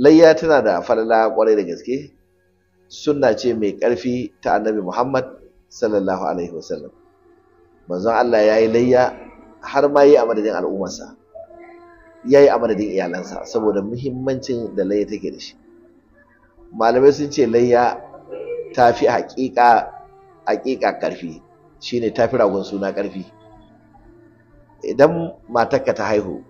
layya tana da falala kwarai da gaske suna ce mai ƙarfi ta annabi muhammad sallallahu alaihi wasallam manzon allah ya yi layya har ma yi a madadin al'ummarsa ya yi a madadin iyalansa saboda muhimmancin da layya take da shi malamai sun ce layya ta fi haƙiƙa haƙiƙa ƙarfi shine ta fi ragon suna ƙarfi idan matarka ta haihu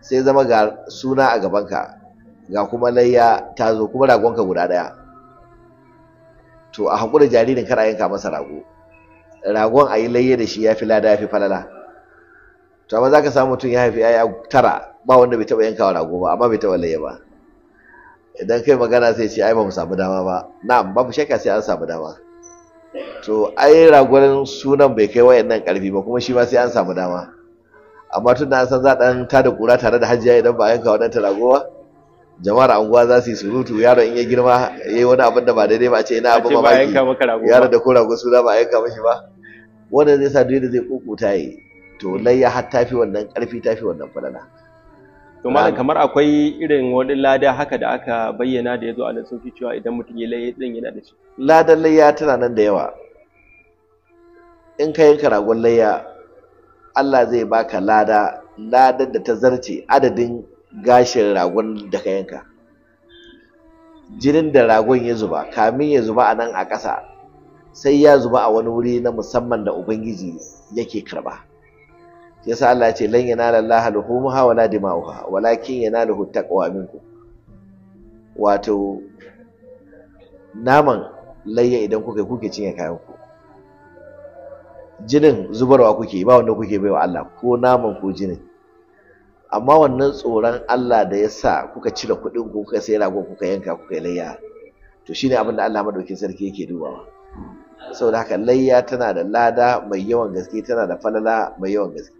sai zama ga suna a gabanka ga kuma layya ta zo kuma ragonka guda ɗaya to a hankula jaririn kar a yanka masa rago ragon a yi layya da shi ya fi lada ya fi falala to amma za ka samu mutum ya haifi ya tara ba wanda bai taɓa yankawa rago ba amma bai taɓa layya ba idan kai magana sai ce ai ba mu samu dama ba na'am babu shakka sai an samu dama to ai ragon sunan bai kai wayannan ƙarfi ba kuma shi ma sai an samu dama amma tun da an san za ɗan tada kura tare da hajiya idan ba a yanka ta rago ba jama'ar anguwa za su yi surutu yaro in ya girma ya yi wani abin da ba daidai ba ce ina abin baki, yaro da kora gusu na ba a yanka mashi ba wanda zai sa duk da zai ta yi to layya har tafi wannan karfi tafi wannan falala to malam kamar akwai irin wani lada haka da aka bayyana da ya zo a nan sun cewa idan mutum ya laye din yana da shi ladan layya tana nan da yawa in ka yanka ragon layya Allah zai baka lada ladan da ta zarce adadin gashin ragon da ka yanka jinin da ragon ya zuba kamin ya zuba a nan a ƙasa sai ya zuba a wani wuri na musamman da ubangiji yake karba yasa Allah ya ce lan yanala Allah luhumuha wala dima'uha walakin yanaluhu taqwa minku wato naman layya idan kuka kuke cinye kayan ku jinin zubarwa kuke ba wanda kuke baiwa Allah ko naman ko jinin amma wannan tsoron Allah da ya sa kuka cire kuɗin ku kuka sai rago kuka yanka kuka layya to shine abin da Allah madaukin sarki yake dubawa saboda haka layya tana da lada mai yawan gaske tana da falala mai yawan gaske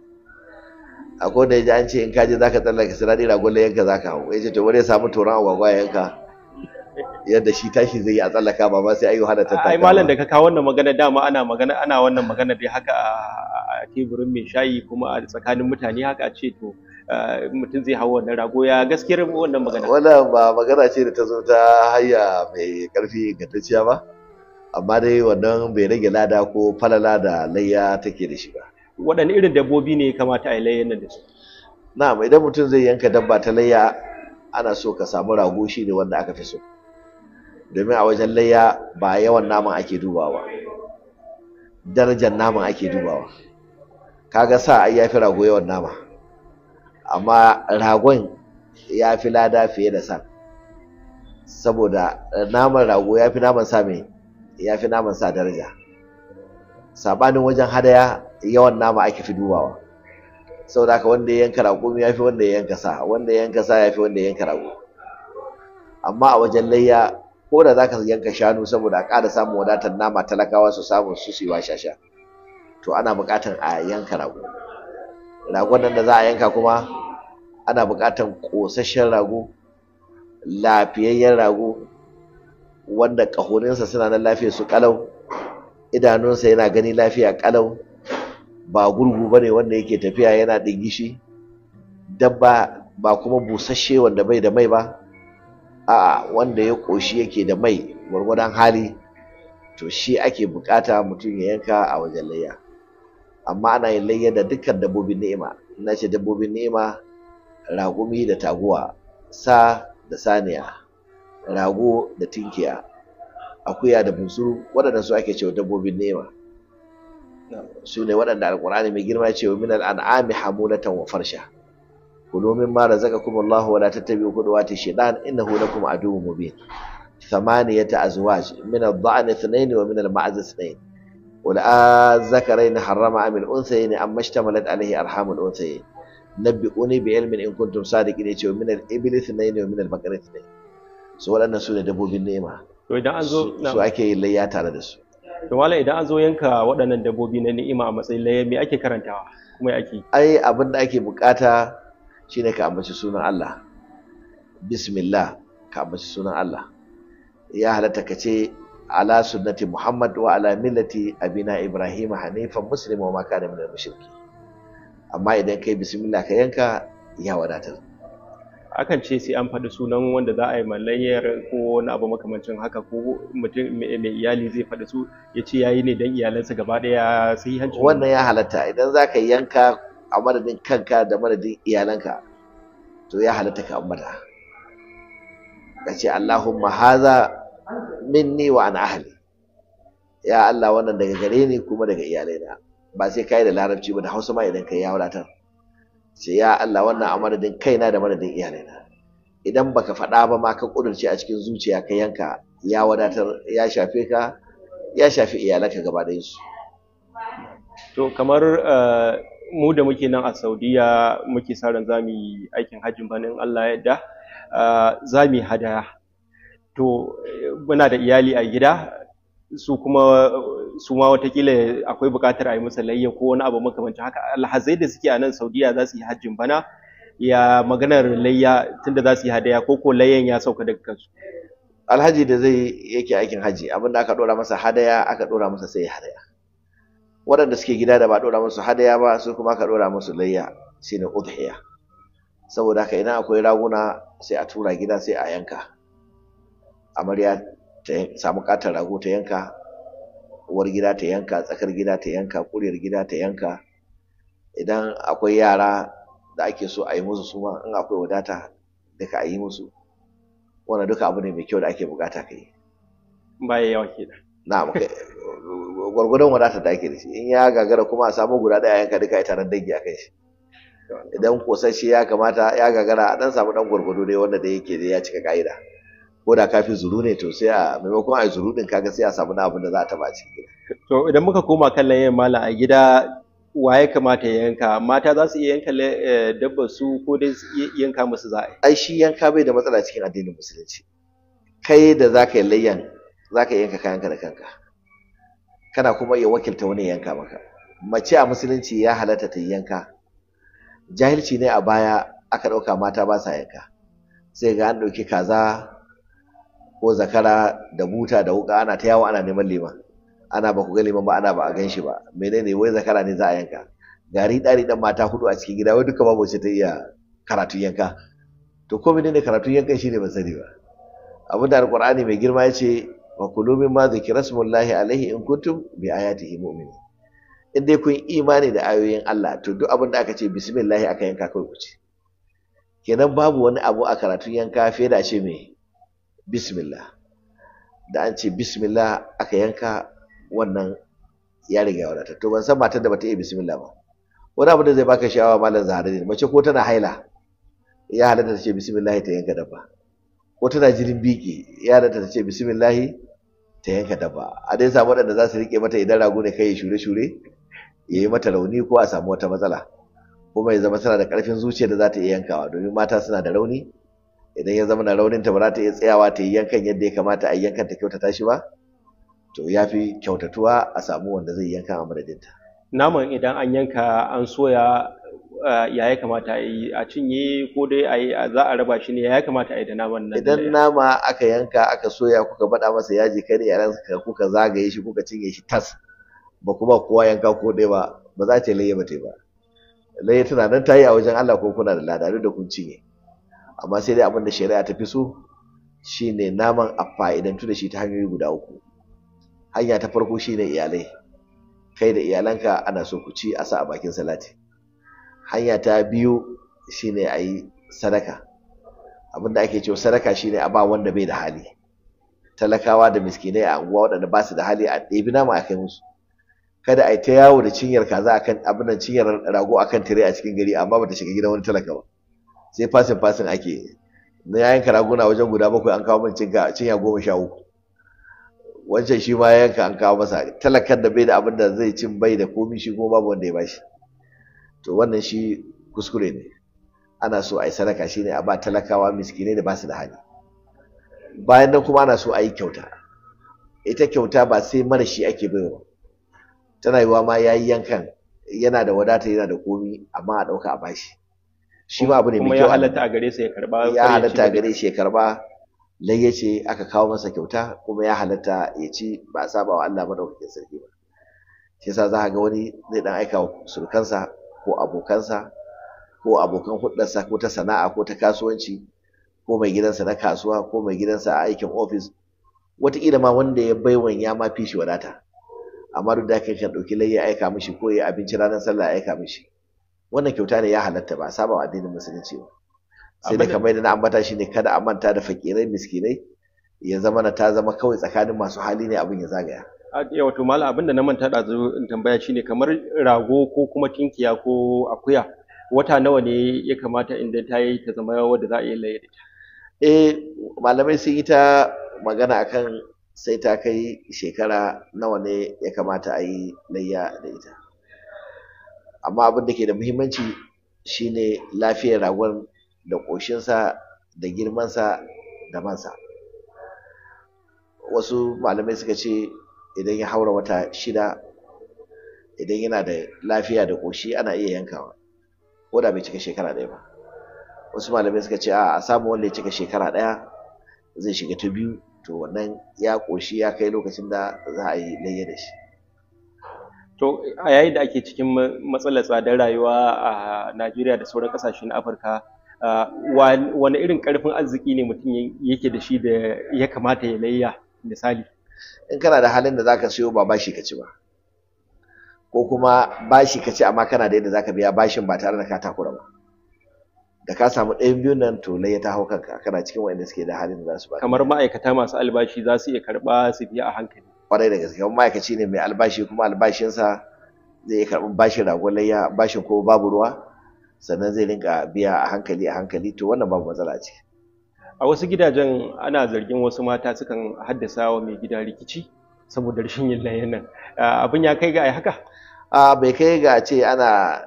akwai da ji an ce in ka je zaka tsallaka sirari ragon layyan ka zaka hau yace to wani ya samu toran agwagwa yanka yadda shi tashi zai yi a tsallaka ba ma sai ayi wahala ta ai malam da ka kawo wannan magana dama ana magana ana wannan magana dai haka a teburin mai shayi kuma a tsakanin mutane haka a ce to Eh, mutum zai hau wannan rago ya gaskiyar wannan magana wannan ba magana ce da ta zo ta hanya mai karfi ingantacciya ba amma dai wannan bai rage lada ko falala da layya take da shi ba waɗanne irin dabbobi ne kamata a yi layyan nan da su na'am idan mutum zai yanka dabba ta layya ana so ka samu rago shi ne wanda aka fi so domin a wajen layya ba yawan naman ake dubawa darajar naman ake dubawa kaga sa ai yafi rago yawan nama amma ragon ya fi lada fiye da sa saboda naman rago ya fi naman sa mai ya fi naman sa daraja sabanin wajen hadaya yawan nama ake fi dubawa saboda haka wanda ya yanka rago ya fi wanda ya yanka sa wanda ya yanka sa ya fi wanda ya yanka rago amma a wajen layya ko da zaka yanka shanu saboda a ƙara samun wadatar nama talakawa su samu su siwa shasha to ana buƙatar a yanka rago ragon nan da za a yanka kuma ana buƙatar ƙosasshen rago lafiyayyen rago wanda ƙahoninsa suna nan lafiya su ƙalau idanunsa yana gani lafiya ƙalau ba gurgu ba ne wanda yake tafiya yana ɗingishi dabba ba kuma busasshe wanda bai da mai ba a wanda ya ƙoshi yake da mai gwargwadon hali to shi ake buƙata mutum ya yanka a wajen layya amma ana yin layya da dukkan dabbobin ni'ima ina ce dabbobin ni'ima ragumi da taguwa sa da saniya rago da tinkiya akuya da bunsuru waɗanda su ake cewa dabbobin ni'ima su ne waɗanda alƙur'ani mai girma ce wa minal an'ami hamulatan wa farsha kulu mimma razaqakum Allahu wa la tattabi'u khutuwati shaytan innahu lakum aduwwun mubin thamaniyata azwaj min adh-dha'ni ithnayn wa min al-ma'z ithnayn wal azzakarain harrama amil unsayin amma shtamalat alaihi arhamul unsayin nabbiquni bi ilmin in kuntum sadiqin yace min al iblis ne ne min al baqari ne. so waɗannan su ne dabbobin nema. to idan an zo su ake yin layya tare da su to wala idan an zo yanka waɗannan dabbobi na ni'ima a matsayin layya me ake karantawa kuma ake ai abin da ake bukata shine ka ambaci sunan Allah bismillah ka ambaci sunan Allah ya halatta ka ce ala sunnati Muhammad wa ala millati abina Ibrahim hanifan muslim wa ma kana minal amma idan kai bismillah ka yanka ya wadatar akan ce sai an faɗi sunan wanda za a yi mallayar ko wani abu makamancin haka ko mutum mai iyali zai faɗi su ya ce ya yi ne don iyalansa gaba ɗaya sai hancin wannan ya halatta idan za ka yanka a madadin kanka da madadin iyalanka to ya halatta ka ambata ka ce allahumma haza minni wa an ahli ya Allah wannan daga gare ni kuma daga iyalai na ba sai kai da larabci ba da Hausa ma idan kai ya wadatar sai ya Allah wannan a madadin kaina da madadin iyalai idan baka faɗa ba ma ka kudurce a cikin zuciya ka yanka ya wadatar ya shafe ka ya shafi iyalanka gaba da su to kamar eh, mu da muke nan a Saudiya muke sa ran zamu yi aikin hajjin banin Allah ya yarda eh, zamu hadaya to muna da iyali a gida su kuma su ma watakila akwai buƙatar a yi masa layya ko wani abu makamancin haka alhazai da suke a nan saudiya za su yi hajjin bana ya maganar layya tunda za su yi hadaya ko ko layyan ya sauka daga kansu alhaji da zai yake aikin haji abinda aka dora masa hadaya aka dora masa sai hadaya waɗanda suke gida da ba dora musu hadaya ba su kuma aka dora musu layya shine udhiya saboda haka idan akwai raguna sai a tura gida sai a yanka amarya ta samu katon rago ta yanka uwar gida ta yanka tsakar gida ta yanka kuriyar gida ta yanka idan akwai yara da ake so a yi musu suma in akwai wadata duka a yi musu wannan duka abu ne mai kyau da ake bukata ka yi baya yawa ke da na'am gwargwadon wadata da ake da shi in ya gagara kuma a samu guda daya yanka duka ita taron dangi a kai shi idan kosashe ya kamata ya gagara a dan samu dan gwargwado dai wanda da yake da ya cika ka'ida ko da kafi zuru ne to sai a maimakon a zuru din kaga sai a samu na abin da za a taba cikin gida to idan muka koma kallon yin mala a gida waye kamata ya yanka mata za su iya yanka eh, dabbar su ko dai su yanka musu za a shi yanka bai da matsala cikin addinin musulunci kai da ka yi layyan za ka yanka kayanka da kanka kana kuma iya wakilta wani yanka maka mace a musulunci ya halatta ta yanka jahilci ne a baya aka ɗauka mata ba sa yanka sai ga an ɗauki kaza ko zakara da buta da wuka ana ta yawo ana neman lema ana ba ku ga ba ana ba a gan shi ba menene wai zakara ne za a yanka gari ɗari ɗan mata hudu a cikin gida wai duka babu ce ta iya karatun yanka to ko menene karatun yankan ne ban sani ba abin da alqur'ani mai girma ya ce wa kulu ma zikra smullahi alaihi in kuntum bi ayatihi mu'minin in dai kun imani da ayoyin Allah to duk abin da aka ce bismillah aka yanka kai ku ce kenan babu wani abu a karatun yanka fiye da ce me bismillah da an ce bismillah aka yanka wannan ya riga ya wadata to ban san matar da bata iya bismillah ba wani abu da zai baka sha'awa malam zaharin ne mace ko tana haila ya halatta ta ce bismillah ta yanka dabba ko tana jirin biki ya halatta ta ce bismillah ta yanka dabba a dai samu waɗanda za su rike mata idan rago ne kai shure-shure ya yi mata rauni ko a samu wata matsala kuma ya zama tana da ƙarfin zuciya da za ta iya yankawa domin mata suna da rauni idan ya zama na raunin ta ba za ta iya tsayawa ta yi yankan yadda ya kamata a yi yankan ta kyautata shi ba to ya fi kyautatuwa a samu wanda zai yanka a madadinta naman idan an yanka an soya eh, ya ya kamata a yi a cinye ko dai a yi za a raba shi ne ya ya kamata a yi da naman nan idan nama aka yanka aka soya kuka bada masa yaji kai yaran kuka zagaye shi kuka cinye shi tas ba kuma kowa yanka ko dai ba ba za ta laye ba ta ba laye tana nan ta yi a wajen Allah ko kuna da lada da kun cinye amma sai dai abin da shari'a ta fi so shine naman a fa'idantu da shi ta hanyoyi guda uku hanya ta farko shine iyalai kai da iyalanka ana so ku ci a sa a bakin salati hanya ta biyu shine a yi sadaka abin da ake cewa sadaka shine a ba wanda bai da hali talakawa da miskinai a anguwa waɗanda ba su da hali a ɗebi nama a kai musu kada a yi ta yawo da cinyar kaza akan abin nan cinyar rago akan tire a cikin gari amma bata shiga gidan wani talaka ba sai fasin fasin ake na yayin karaguna wajen guda bakwai an kawo min cinya goma sha uku wancan shi ma yanka an kawo masa talakan da bai da abin da zai cin bai da komi shi kuma babu wanda ya bashi to wannan shi kuskure ne ana so a yi sadaka shi ne, a ba talakawa miskinai da ba da hali bayan nan kuma ana so a yi kyauta ita kyauta ba sai mara shi ake ba, tana yiwa ma ya yi yankan yana da wadata yana da komi amma a ɗauka a bashi shi ma abu ne mai kyau ya halatta a gare ya karba ya shi ya karba lai ce aka kawo masa kyauta kuma ya halatta ya ci ba a saba wa Allah madaukakin sarki ba shi yasa za a ga wani zai dan aika surkansa ko abokansa ko abokan hudarsa ko ta sana'a ko ta kasuwanci ko mai gidansa na kasuwa ko mai gidansa a aikin ofis wataƙila ma wanda ya baiwan ya ma fi shi wadata amma duk da kan ɗauki lai ya aika mishi ko ya abinci ranar sallah ya aika mishi wannan kyauta ne ya halatta ba saba wa addinin musulunci ba sai da kamar na ambata shi ne kada a manta da fakirai miskinai ya zama na ta zama kawai tsakanin masu hali ne abin ya zagaya ya wato mala abinda na manta da in tambaya shine kamar rago ko kuma kinkiya ko akuya wata nawa ne ya kamata inda ta yi ta zama wadda za a yi laye eh malamai sun yi ta magana akan sai ta kai shekara nawa ne ya kamata a yi layya da ita amma abin da ke da muhimmanci shine lafiyar ragon da ƙoshinsa da girmansa da mansa wasu malamai suka ce idan ya haura wata shida idan yana da lafiya da ƙoshi ana iya yankawa ko da bai cika shekara ɗaya ba wasu malamai suka ce a samu wanda ya cika shekara ɗaya zai shiga ta biyu to wannan ya ƙoshi ya kai lokacin da za a yi layya da shi To a yayin da ake cikin matsalar tsadar rayuwa a Najeriya da sauran ƙasashe na Afirka wani irin ƙarfin arziki ne mutum yake da shi da ya kamata ya layya misali. In kana da halin da zaka siyo ba bashi ka ci ba. Ko kuma bashi ka ci amma kana da yadda zaka biya bashin ba tare da ka takura ba. Da ka samu ɗayan biyun nan to layya ta hau kanka kana cikin waɗanda suke da halin da za su ba. Kamar ma'aikata masu albashi za su iya karɓa su biya a hankali. kwarai da gaske ma'aikaci ne mai albashi kuma albashinsa zai iya karɓi bashin ragwalayya bashin ko babu ruwa sannan zai rinka biya a hankali a hankali to wannan babu matsala ce a wasu gidajen ana zargin wasu mata sukan haddasa wa mai gida rikici saboda rashin yin layan nan abin ya kai ga yi haka a bai kai ga ce ana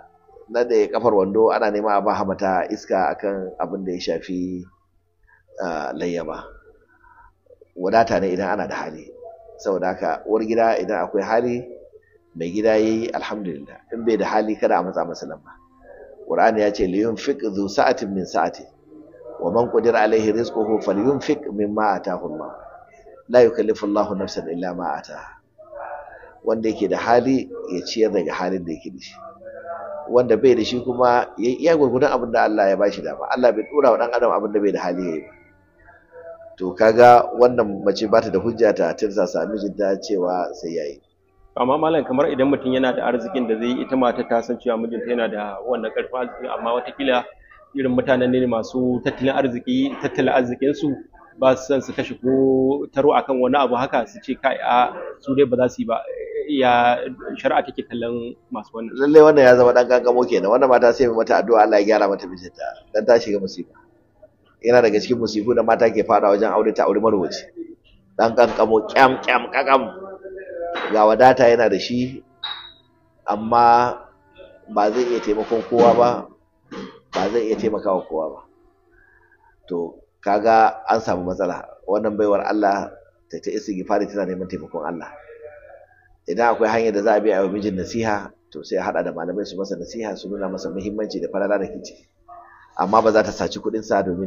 na da kafar wando ana nema a ba mata iska akan abin da ya shafi layya ba wadata ne idan ana da hali saboda haka uwar gida idan akwai hali mai gida ya yi alhamdulillah in bai da hali kada a matsa masa lamba Al-ƙur'ani ya ce liyun fiƙ zu sa'atin min sa'ati wa man qadira alaihi rizquhu falyunfiq mimma ataahu Allah la yukallifu Allahu nafsan illa ma ataaha wanda yake da hali ya ciyar daga halin da yake da shi wanda bai da shi kuma ya iya gurgurdan abin da Allah ya bashi dama Allah bai dora wa dan adam abin da bai da hali ya yi ba to kaga wannan mace ba ta da hujja ta tirsa sa mijinta cewa sai yayi amma malam kamar idan mutum yana da arzikin da zai yi ita mata ta san cewa mijinta yana da wannan karfin arziki amma watakila irin mutanen ne masu tattalin arziki tattalin arzikin su ba su san su kashe ko taro akan wani abu haka su ce kai a su dai ba za su yi ba ya shari'a take kallon masu wannan lalle wannan ya zama dan gangamo kenan wannan mata sai mata addu'a Allah ya gyara mata mijinta dan ta shiga musiba yana daga cikin musifu da mata ke fada wajen aure ta aure marwaci dan kankamo kyam kyam kakam ga wadata yana da shi amma ba zai iya taimakon kowa ba ba zai iya taimakawa kowa ba to kaga an samu matsala wannan baiwar Allah ta ta gifari tana neman taimakon Allah idan akwai hanyar da za a bi a mijin nasiha to sai a hada da malamai su masa nasiha su nuna masa muhimmanci da falala da kici amma ba za ta saci kuɗin sa domin